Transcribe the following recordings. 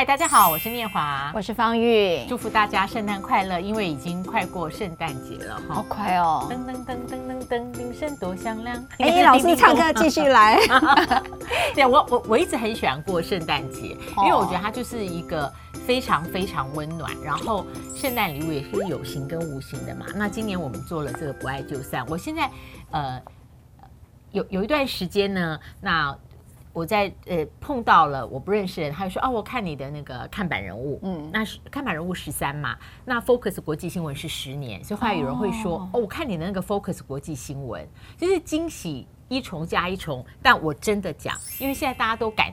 嗨，Hi, 大家好，我是念華，我是芳玉，祝福大家聖誕快樂，因為已經快過聖誕節了，好快哦！噔噔噔噔噔噔，鈴聲多響亮！哎、欸，老師唱歌繼續來。嗯、 對，我我我一直很喜歡過聖誕節，哦、因為我覺得它就是一個非常非常溫暖，然後聖誕禮物也是有形跟無形的嘛。那今年我們做了這個不愛就散，我現在、呃、有有一段時間呢，那。我在呃碰到了我不認識的人，他就說哦、啊，我看你的那個看板人物，嗯，那是看板人物十三嘛，那 Focus 國際新聞是十年，所以後來有人會說哦，哦，我看你的那個 Focus 國際新聞，就是驚喜一重加一重。但我真的講，因為現在大家都敢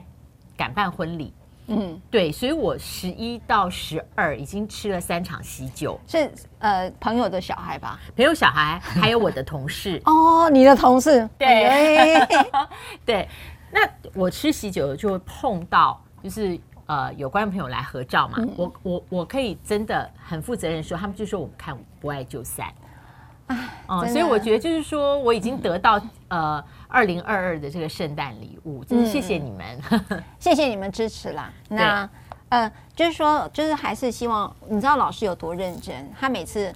敢辦婚禮，嗯，對，所以我十一到十二已經吃了三場喜酒，是呃朋友的小孩吧？朋友小孩還有我的同事 哦，你的同事對對。欸 對那我吃喜酒就會碰到，就是呃，有觀眾朋友來合照嘛。嗯嗯，我我我可以真的很負責任說，他們就說我們看不愛就散，哎哦，所以我覺得就是說，我已經得到、嗯、呃二零二二的這個聖誕禮物，真的謝謝你們，嗯嗯 謝謝你們支持啦。那對呃，就是說，就是還是希望你知道老師有多認真，他每次。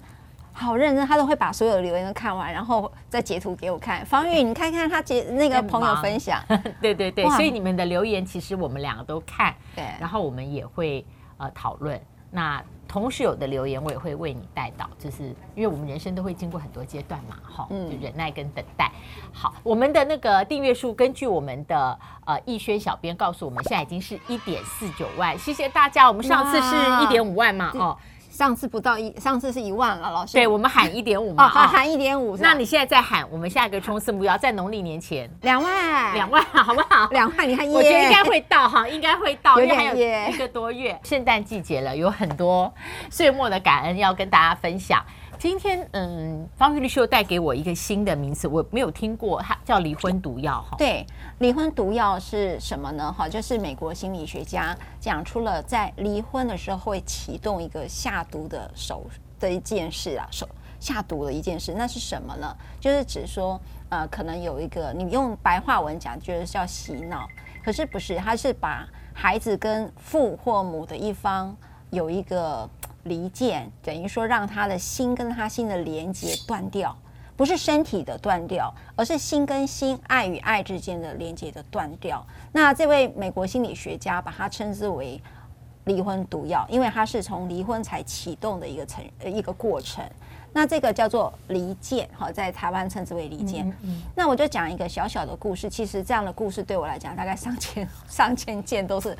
好認真，他都會把所有的留言都看完，然後再截圖給我看。方宇，你看看他截那個朋友分享，很忙 對對對，哇所以你們的留言其實我們兩個都看，對，然後我們也會呃討論。那同時有的留言我也會為你帶到，就是因為我們人生都會經過很多階段嘛，哈、哦，嗯、就忍耐跟等待。好，我們的那個訂閱數，根據我們的呃逸軒小編告訴我們，現在已經是一點四九萬，謝謝大家。我們上次是一點五萬嘛，哦。上次不到一，上次是一萬了，老師。對我們喊一點五嘛。哦，哦，喊一點五。那你現在再喊，我們下一個衝刺目標在農曆年前。兩萬。兩萬，好不好？兩萬，你看耶。我覺得應該會到哈，應該會到，有點，因為還有一個多月，耶，聖誕季節了，有很多歲末的感恩要跟大家分享。今天，嗯，芳玉律師又帶給我一個新的名詞，我沒有聽過，它叫“離婚毒藥”哈。對，離婚毒藥是什麼呢？哈，就是美國心理學家講出了在離婚的時候會啟動一個下毒的手的一件事啊，手下毒的一件事，那是什麼呢？就是指說，呃，可能有一個，你用白話文講，就是叫洗腦，可是不是，他是把孩子跟父或母的一方有一個。離間等於說讓他的心跟他心的連接斷掉，不是身體的斷掉，而是心跟心、愛與愛之間的連接的斷掉。那這位美國心理學家把它稱之為“離婚毒藥”，因為它是從離婚才啟動的一個程、一個過程。那這個叫做離間，好，在台灣稱之為離間。嗯，嗯，那我就講一個小小的故事，其實這樣的故事對我來講，大概上千、上千件都是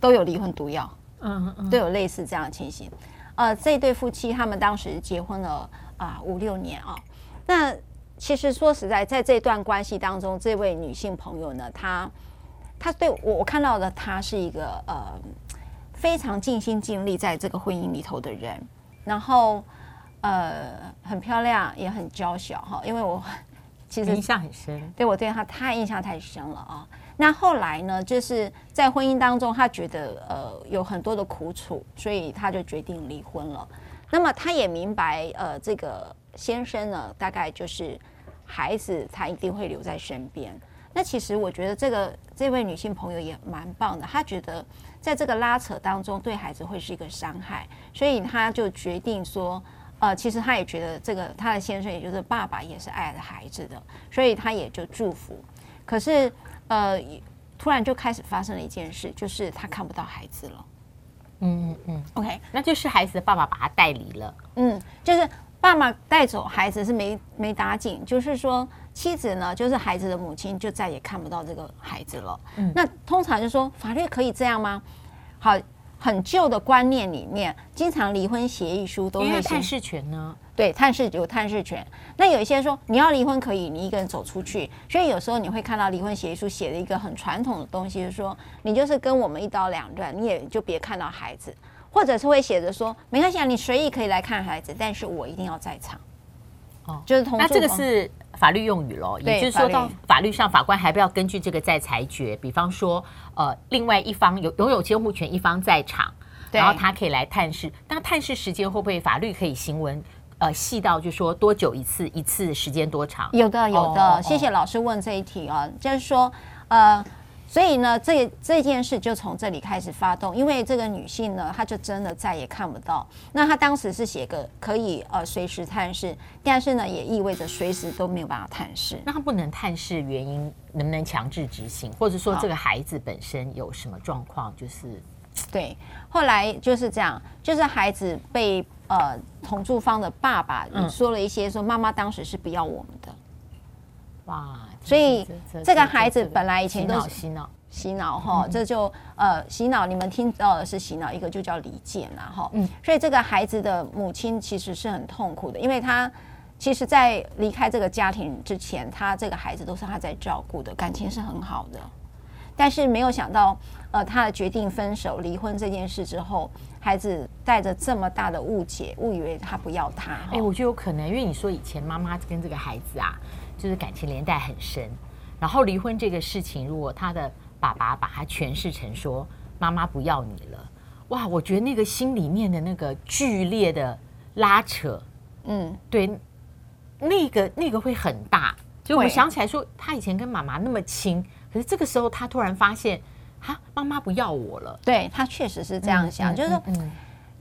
都有離婚毒藥。嗯，都有類似這樣的情形，呃，這對夫妻他們當時結婚了啊五六年啊，那其實說實在，在這段關係當中，這位女性朋友呢，她她對我我看到的她是一個呃非常盡心盡力在這個婚姻裡頭的人，然後呃很漂亮也很嬌小哈啊，因為我其實印象很深，對我對她太印象太深了啊。那後來呢？就是在婚姻當中，他覺得呃有很多的苦楚，所以他就決定離婚了。那麼他也明白呃，這個先生呢，大概就是孩子他一定會留在身邊。那其實我覺得這個這位女性朋友也蠻棒的，她覺得在這個拉扯當中對孩子會是一個傷害，所以她就決定說，呃，其實她也覺得這個她的先生也就是爸爸也是愛孩子的，所以她也就祝福。可是，呃，突然就開始發生了一件事，就是他看不到孩子了。嗯嗯嗯。OK，那就是孩子的爸爸把他帶離了。嗯，就是爸爸帶走孩子是沒沒打緊，就是說妻子呢，就是孩子的母親就再也看不到這個孩子了。嗯。那通常就說法律可以這樣嗎？好。很舊的觀念裡面，經常離婚協議書都會有探視權呢？對，探視有探視權。那有一些說，你要離婚可以，你一個人走出去。所以有時候你會看到離婚協議書寫了一個很傳統的東西，就是說，說你就是跟我們一刀兩斷，你也就別看到孩子，或者是會寫着說沒關係，啊，你隨意可以來看孩子，但是我一定要在場。就是通。那這個是法律用語嘍，也就是說到法律上，法官還不要根據這個在裁決。比方說，呃，另外一方有擁有監護權一方在場，對然後他可以來探視。那探視時間會不會法律可以行文？呃，細到就是說多久一次，一次時間多長？有的，有的。哦、謝謝老師問這一題啊，就是說，呃。所以呢，這這件事就從這裡開始發動，因為這個女性呢，她就真的再也看不到。那她當時是寫個可以呃隨時探視，但是呢，也意味着隨時都沒有辦法探視。那她不能探視原因，能不能強制執行，或者說這個孩子本身有什麼狀況？就是對，後來就是這樣，就是孩子被呃同住方的爸爸說了一些說，說、嗯、媽媽當時是不要我們的。哇。所以這個孩子本來以前都是洗腦洗腦哈，這就呃洗腦。你們聽到的是洗腦，一個就叫離間了哈。嗯。所以這個孩子的母親其實是很痛苦的，因為他其實，在離開這個家庭之前，他這個孩子都是他在照顧的，感情是很好的。但是沒有想到，呃，他的決定分手離婚這件事之後，孩子帶着這麼大的誤解，誤以為他不要他。哎，我覺得有可能，因為你說以前媽媽跟這個孩子啊。就是感情連帶很深，然後離婚這個事情，如果他的爸爸把他詮釋成說媽媽不要你了，哇，我覺得那個心裡面的那個劇烈的拉扯，嗯，對，那個那個會很大。所以我想起來說，他以前跟媽媽那麼親，對可是這個時候他突然發現，哈，媽媽不要我了。對他確實是這樣想，就是說。嗯嗯嗯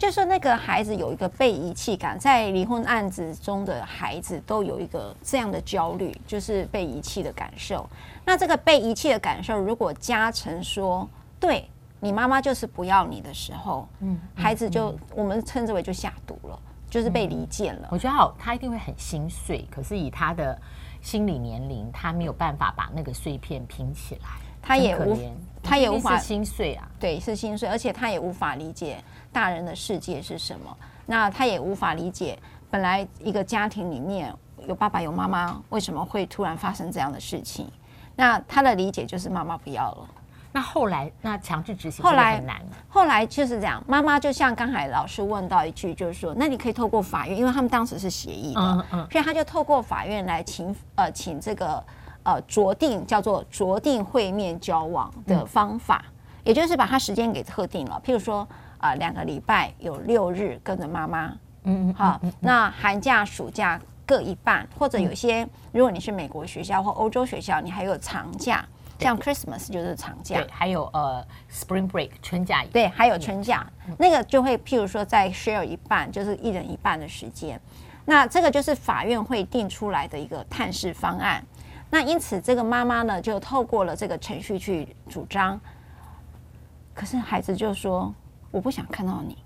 就是說那個孩子有一個被遺棄感，在離婚案子中的孩子都有一個這樣的焦慮，就是被遺棄的感受。那這個被遺棄的感受，如果加成說，對，你媽媽就是不要你的時候，嗯，孩子就、嗯、我們稱之為就下毒了，就是被離間了。我覺得好，他一定會很心碎，可是以他的心理年齡，他沒有辦法把那個碎片拼起來。他也無，他也無法心碎啊，對，是心碎，而且他也無法理解大人的世界是什麼。那他也無法理解，本來一個家庭裡面有爸爸有媽媽，為什麼會突然發生這樣的事情？那他的理解就是媽媽不要了。那後來，那強制執行很難，後來，後來就是這樣。媽媽就像剛才老師問到一句，就是說，那你可以透過法院，因為他們當時是協議的，嗯嗯、所以他就透過法院來請呃，請這個。呃，酌定叫做酌定會面交往的方法，嗯、也就是把它時間給特定了。譬如說，啊、呃，兩個禮拜有六日跟着媽媽，嗯好，呃、嗯那寒假、暑假，暑假各一半，嗯、或者有些如果你是美國學校或歐洲學校，你還有長假，對像 Christmas 就是長假，對，還有呃、uh, Spring Break 春假，對，還有春假，也那個就會譬如說再 share 一半，就是一人一半的時間。那這個就是法院會定出來的一個探視方案。那因此，這個媽媽呢，就透過了這個程序去主張。可是孩子就說：“我不想看到你。”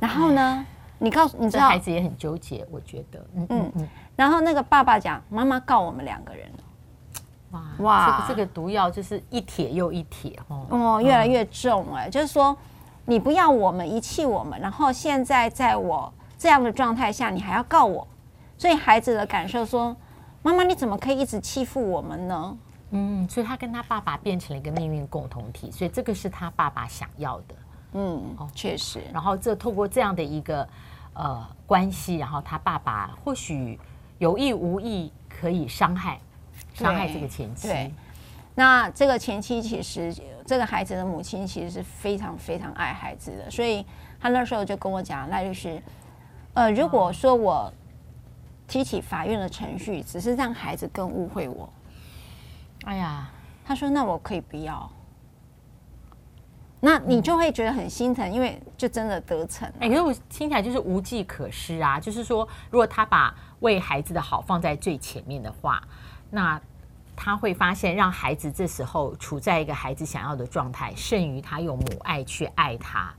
然後呢，嗯、你告訴你知道這孩子也很糾結，我覺得，嗯嗯。嗯嗯然後那個爸爸講：“媽媽告我們兩個人。哇”哇哇，這個毒藥就是一帖又一帖哦，哦，越來越重哎，嗯、就是說你不要我們，遺棄我們，然後現在在我這樣的狀態下，你還要告我，所以孩子的感受說。媽媽，你怎麼可以一直欺負我們呢？嗯，所以他跟他爸爸變成了一個命運共同體，所以這個是他爸爸想要的。嗯，哦，確實。然後這透過這樣的一個呃關係，然後他爸爸或許有意無意可以傷害對傷害這個前妻。對，那這個前妻其實這個孩子的母親其實是非常非常愛孩子的，所以他那時候就跟我講賴律師，呃，如果說我。嗯激起，起法院的程序，只是讓孩子更誤會我。哎呀，他說那我可以不要，那你就會覺得很心疼，嗯、因為就真的得逞、啊。哎、欸，可是我聽起來就是無計可施啊。就是說，如果他把為孩子的好放在最前面的話，那他會發現，讓孩子這時候處在一個孩子想要的狀態，勝於他用母愛去愛他。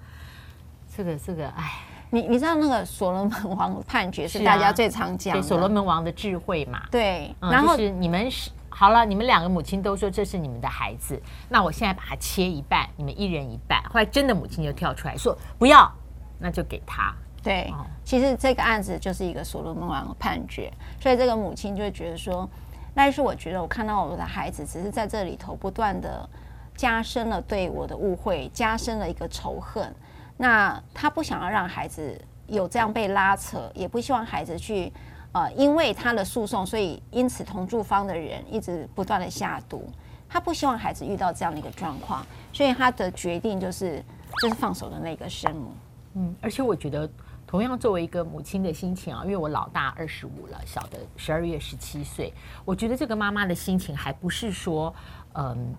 這個，這個，哎。你你知道那個所羅門王判決是大家最常講，啊、所羅門王的智慧嘛？對，然後、嗯就是你們是好了，你們兩個母親都說這是你們的孩子，那我現在把它切一半，你們一人一半。後來真的母親就跳出來說不要，那就給他。對，哦、其實這個案子就是一個所羅門王的判決，所以這個母親就覺得說，那就是我覺得我看到我的孩子只是在這裡頭不斷的加深了對我的誤會，加深了一個仇恨。那他不想要讓孩子有這樣被拉扯，也不希望孩子去，呃，因為他的訴訟，所以因此同住方的人一直不斷的下毒，他不希望孩子遇到這樣的一個狀況，所以他的決定就是就是放手的那個生母。嗯，而且我覺得，同樣作為一個母親的心情啊，因為我老大二十五了，小的十二月十七歲，我覺得這個媽媽的心情還不是說，嗯。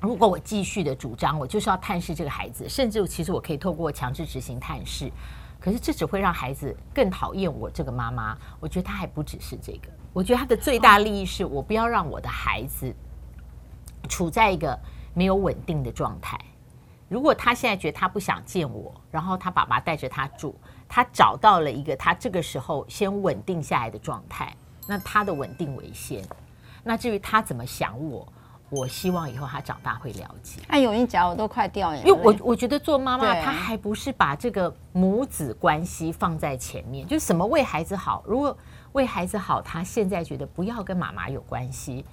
如果我繼續的主張，我就是要探視這個孩子，甚至其實我可以透過強制執行探視，可是這只會讓孩子更討厭我這個媽媽。我覺得他還不只是這個，我覺得他的最大利益是我不要讓我的孩子處在一個沒有穩定的狀態。如果他現在覺得他不想見我，然後他爸爸帶着他住，他找到了一個他這個時候先穩定下來的狀態，那他的穩定為先。那至於他怎麼想我。我希望以後他長大會了解。哎，有一腳，我都快掉眼淚。因為我我覺得做媽媽，他還不是把這個母子關係放在前面，就是什麼為孩子好。如果為孩子好，他現在覺得不要跟媽媽有關係，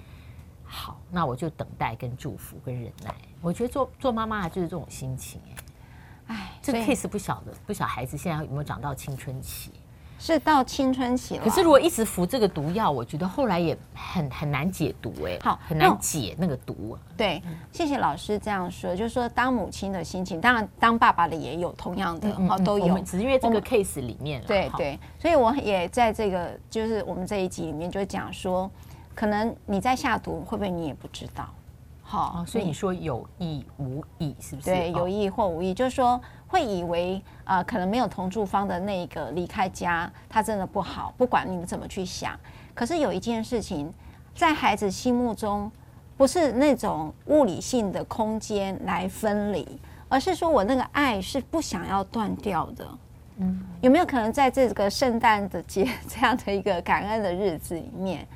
好，那我就等待，跟祝福，跟忍耐。我覺得做做媽媽就是這種心情哎。哎，這 case 不曉得不曉得孩子現在有沒有長到青春期？是到青春期了，可是如果一直服這個毒藥，我覺得後來也很很難解毒哎、欸，好，很難解那個毒、嗯、對，謝謝老師這樣說，就是說當母親的心情，當然當爸爸的也有同樣的，哈、嗯，都有。嗯、只是因為這個 case 裡面了，對對，所以我也在這個就是我們這一集裡面就講說，可能你在下毒，會不會你也不知道？好，所以，所以你說有意無意是不是？對，有意或無意，就是說。會以為啊、呃，可能沒有同住方的那個離開家，他真的不好。不管你們怎麼去想，可是有一件事情，在孩子心目中，不是那種物理性的空間來分離，而是說我那個愛是不想要斷掉的。嗯，有沒有可能在這個聖誕的節這樣的一個感恩的日子裡面，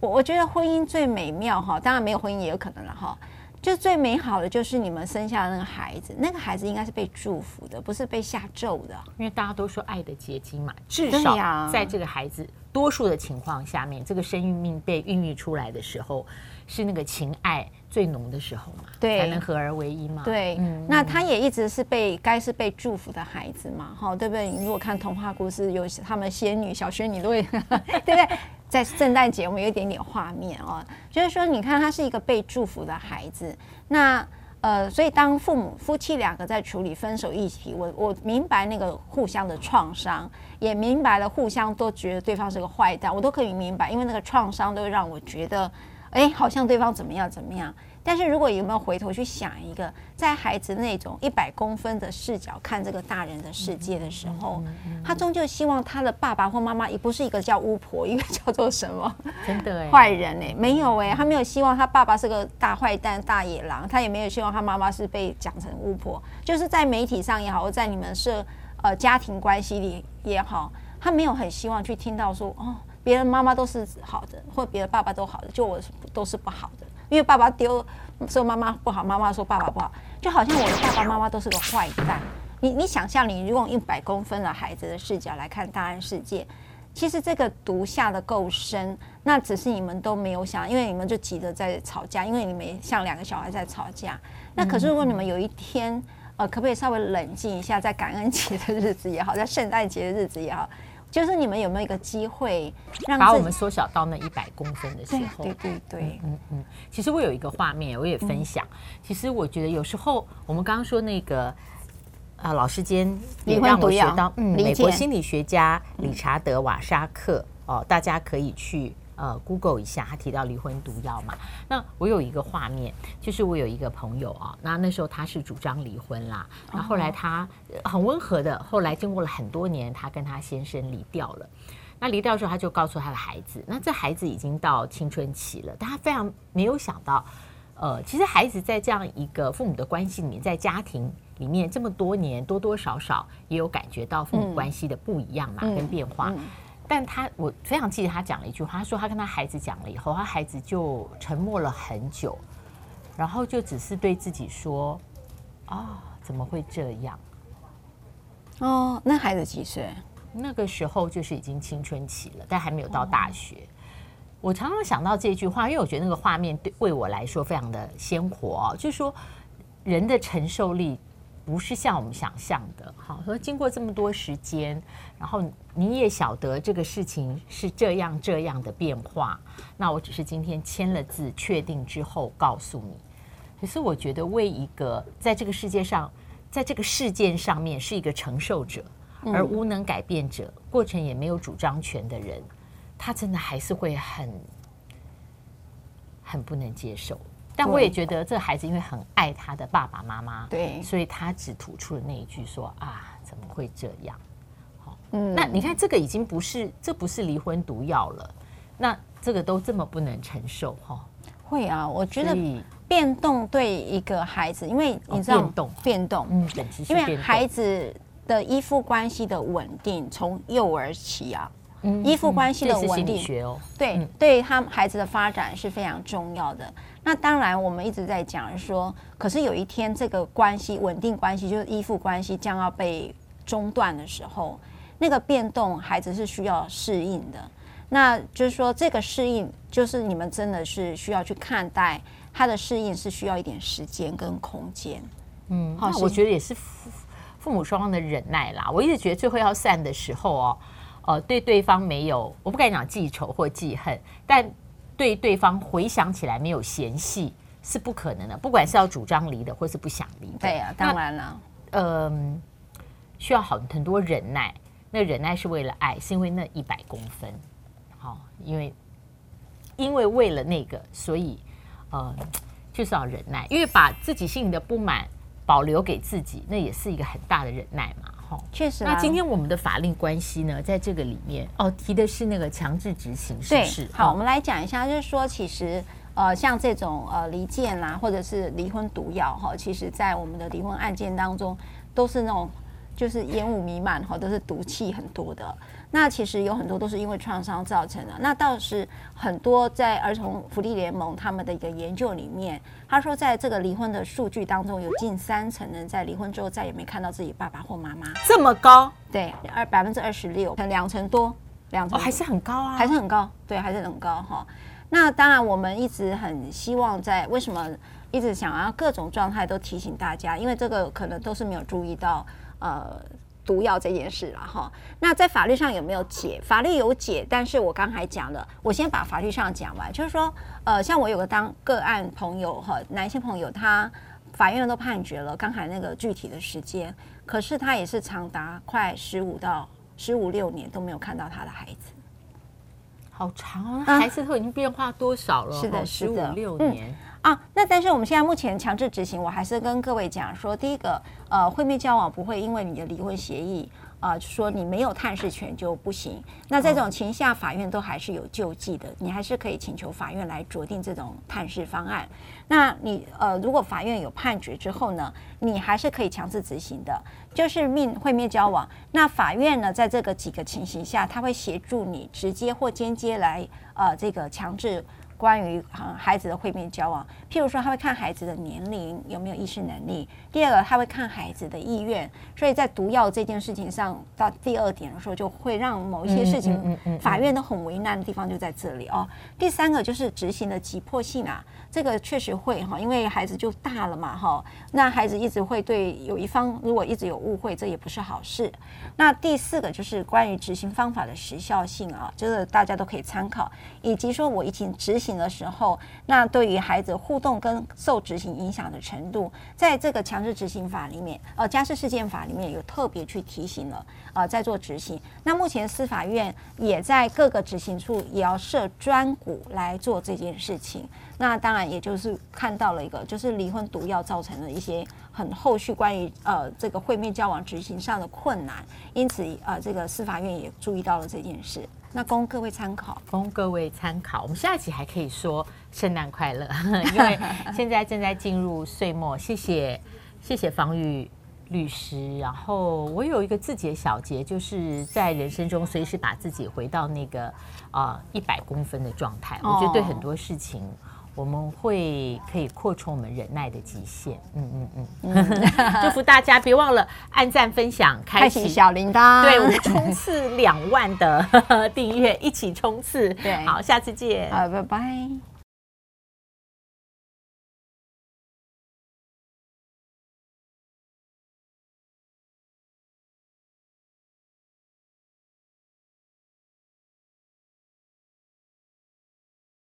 我我覺得婚姻最美妙哈，當然沒有婚姻也有可能了哈。就最美好的就是你們生下的那個孩子，那個孩子應該是被祝福的，不是被下咒的。因為大家都說愛的結晶嘛，至少在這個孩子多數的情況下面，這個生育命被孕育出來的時候，是那個情愛最濃的時候嘛，對才能合而為一嘛。對，嗯、那他也一直是被該是被祝福的孩子嘛，哈，對不對？你如果看童話故事，有他們仙女、小仙女都會， 對不對？ 在聖誕節，我們有一點點畫面哦，就是說，你看，他是一個被祝福的孩子。那呃，所以當父母夫妻兩個在處理分手議題，我我明白那個互相的創傷，也明白了互相都覺得對方是個壞蛋，我都可以明白，因為那個創傷都讓我覺得。哎，欸、好像對方怎麼樣怎麼樣？但是如果有沒有回頭去想一個，在孩子那種一百公分的視角看這個大人的世界的時候，他終究希望他的爸爸或媽媽也不是一個叫巫婆，一個叫做什麼？真的壞人誒、欸，沒有誒、欸。他沒有希望他爸爸是個大壞蛋、大野狼，他也沒有希望他媽媽是被講成巫婆。就是在媒體上也好，或在你們社呃家庭關係裡也好，他沒有很希望去聽到說哦。別人媽媽都是好的，或別的爸爸都好的，就我都是不好的，因為爸爸丟，說媽媽不好，媽媽說爸爸不好，就好像我的爸爸媽媽都是個壞蛋。你你想象，你如果用一百公分的孩子的視角來看大人世界，其實這個毒下的夠深，那只是你們都沒有想，因為你們就急着在吵架，因為你們像兩個小孩在吵架。嗯、那可是如果你們有一天，呃，可不可以稍微冷靜一下，在感恩節的日子也好，在聖誕節的日子也好？就是你們有沒有一個機會讓，讓把我們縮小到那一百公分的時候？對，對對對，嗯嗯，嗯。其實我有一個畫面，我也分享。嗯、其實我覺得有時候我們剛剛說那個啊、呃，老師間也讓我學到，嗯，美國心理學家理查德·瓦沙克、嗯、哦，大家可以去。呃，Google 一下，他提到離婚毒藥嘛？那我有一個畫面，就是我有一個朋友啊、哦，那那時候他是主張離婚啦，那後，後來他很溫和的，後來經過了很多年，他跟他先生離掉了。那離掉的時候，他就告訴他的孩子，那這孩子已經到青春期了，但他非常沒有想到，呃，其實孩子在這樣一個父母的關係裡面，在家庭裡面這麼多年，多多少少也有感覺到父母關係的不一樣嘛，嗯、跟變化。嗯嗯但他，我非常記得他講了一句話，他說他跟他孩子講了以後，他孩子就沉默了很久，然後就只是對自己說：“啊，哦，怎麼會這樣？”哦，那孩子幾歲？那個時候就是已經青春期了，但還沒有到大學。哦，我常常想到這句話，因為我覺得那個畫面對為我來說非常的鮮活，哦，就是說人的承受力。不是像我們想象的，好，所以經過這麼多時間，然後你也曉得這個事情是這樣這樣的變化。那我只是今天簽了字，確定之後告訴你。可、就是我覺得，為一個在這個世界上，在這個事件上面是一個承受者，而無能改變者，過程也沒有主張權的人，他真的還是會很很不能接受。但我也覺得這孩子因為很愛他的爸爸媽媽，對，所以他只吐出了那一句說啊，怎麼會這樣？好，嗯，那你看這個已經不是，這不是離婚毒藥了，那這個都這麼不能承受哈？哦、會啊，我覺得變動對一個孩子，以因為你知道變動、哦，變動，變動嗯，變動因為孩子的依附關係的穩定，從幼兒期啊。依附關係的穩定、嗯，哦、對，嗯、對他孩子的發展是非常重要的。那當然，我們一直在講說，可是有一天這個關係穩定關係就是依附關係將要被中斷的時候，那個變動孩子是需要適應的。那就是說，這個適應就是你們真的是需要去看待他的適應是需要一點時間跟空間。嗯，好，那我覺得也是父母雙方的忍耐啦。我一直覺得最後要散的時候哦。哦、呃，對對方沒有，我不敢講記仇或記恨，但對對方回想起來沒有嫌隙是不可能的。不管是要主張離的，或是不想離的，對啊，當然了，嗯、呃，需要很很多忍耐。那忍耐是為了愛，是因為那一百公分，好、哦，因為因為為了那個，所以呃，就是要忍耐，因為把自己心裡的不滿保留給自己，那也是一個很大的忍耐嘛。確實、啊，那今天我們的法令關係呢，在這個裡面哦，提的是那個強制執行是，是不是？好，哦、我們來講一下，就是說，其實呃，像這種呃，離間啦，或者是離婚毒藥哈、哦，其實在我們的離婚案件當中，都是那種。就是煙霧瀰漫或都是毒氣很多的。那其實有很多都是因為創傷造成的。那倒是很多在兒童福利聯盟他們的一個研究裡面，他說，在這個離婚的數據當中，有近三成人在離婚之後再也沒看到自己爸爸或媽媽。這麼高？對，二百分之二十六，兩成多，兩成，哦、還是很高啊，還是很高，對，還是很高哈。那當然，我們一直很希望在，為什麼一直想要，啊、各種狀態都提醒大家，因為這個可能都是沒有注意到。呃，毒藥這件事了哈，那在法律上有沒有解？法律有解，但是我剛才講了，我先把法律上講完，就是說，呃，像我有個當個案朋友哈，男性朋友，他法院都判決了，剛才那個具體的時間，可是他也是長達快十五到十五六年都沒有看到他的孩子，好長啊、哦，孩子都已經變化多少了？啊、是的，十五六年。嗯啊，那但是我們現在目前強制執行，我還是跟各位講說，第一個，呃，會面交往不會因為你的離婚協議啊，呃，說你沒有探視權就不行。那這種情況下，法院都還是有救濟的，你還是可以請求法院來酌定這種探視方案。那你呃，如果法院有判決之後呢，你還是可以強制執行的，就是命會面交往。那法院呢，在這個幾個情形下，他會協助你直接或間接來呃，這個強制。關於啊孩子的會面交往，譬如說他會看孩子的年齡有沒有意識能力。第二個他會看孩子的意願，所以在毒藥這件事情上，到第二點的時候就會讓某一些事情，法院都很為難的地方就在這裡哦。第三個就是執行的急迫性啊，這個確實會哈，因為孩子就大了嘛哈，那孩子一直會對有一方，如果一直有誤會，這也不是好事。那第四個就是關於執行方法的時效性啊，這個大家都可以參考，以及說我已經執行，的時候，那對於孩子互動跟受執行影響的程度，在這個強制執行法裡面，呃，家事事件法裡面有特別去提醒了，呃，在做執行。那目前司法院也在各個執行處也要設專股來做這件事情。那當然，也就是看到了一個，就是離婚毒藥造成的一些很後續關於呃這個會面交往執行上的困難，因此呃，這個司法院也注意到了這件事。那供各位參考，供各位參考。我們下一期還可以說聖誕快樂，因為現在正在進入歲末。謝謝，謝謝芳玉律師。然後我有一個自己的小結，就是在人生中隨時把自己回到那個啊一百公分的狀態，我覺得對很多事情。我們會可以擴充我們忍耐的極限，嗯嗯嗯，祝、嗯、福 大家，別忘了按贊、分享、開啟，開啟小鈴鐺，對，我們衝刺兩萬的 訂閱，一起衝刺，對，好，下次見，好，拜拜。